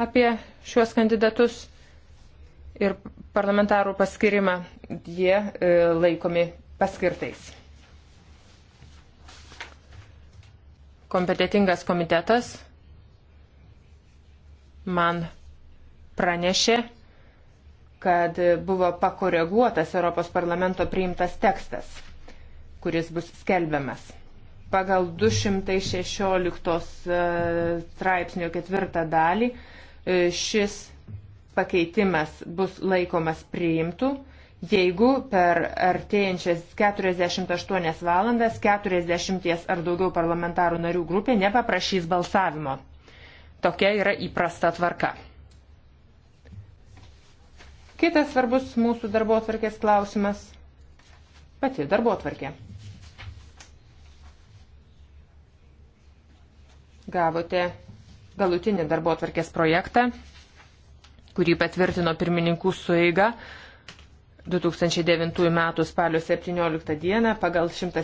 apie šiuos kandidatus ir parlamentarų paskirimą. Jie e, laikomi paskirtais. Kompetitingas komitetas man pranešė, kad buvo pakoreguotas Europos parlamento priimtas tekstas, kuris bus skelbiamas. Pagal 216 e, straipsnio ketvirtą dalį E, šis pakeitimas bus laikomas priimtų, jeigu per artėjančias 48 valandas 40 ar daugiau parlamentarų narių grupė nepaprašys balsavimo. Tokia yra įprasta tvarka. Kitas svarbus mūsų darbo atvarkės klausimas - pati darbo atvarkė. Gavote galutinį darbo atvarkės projektą, kurį patvirtino pirmininkų sueiga 2009 m. spalio 17 d. pagal 100.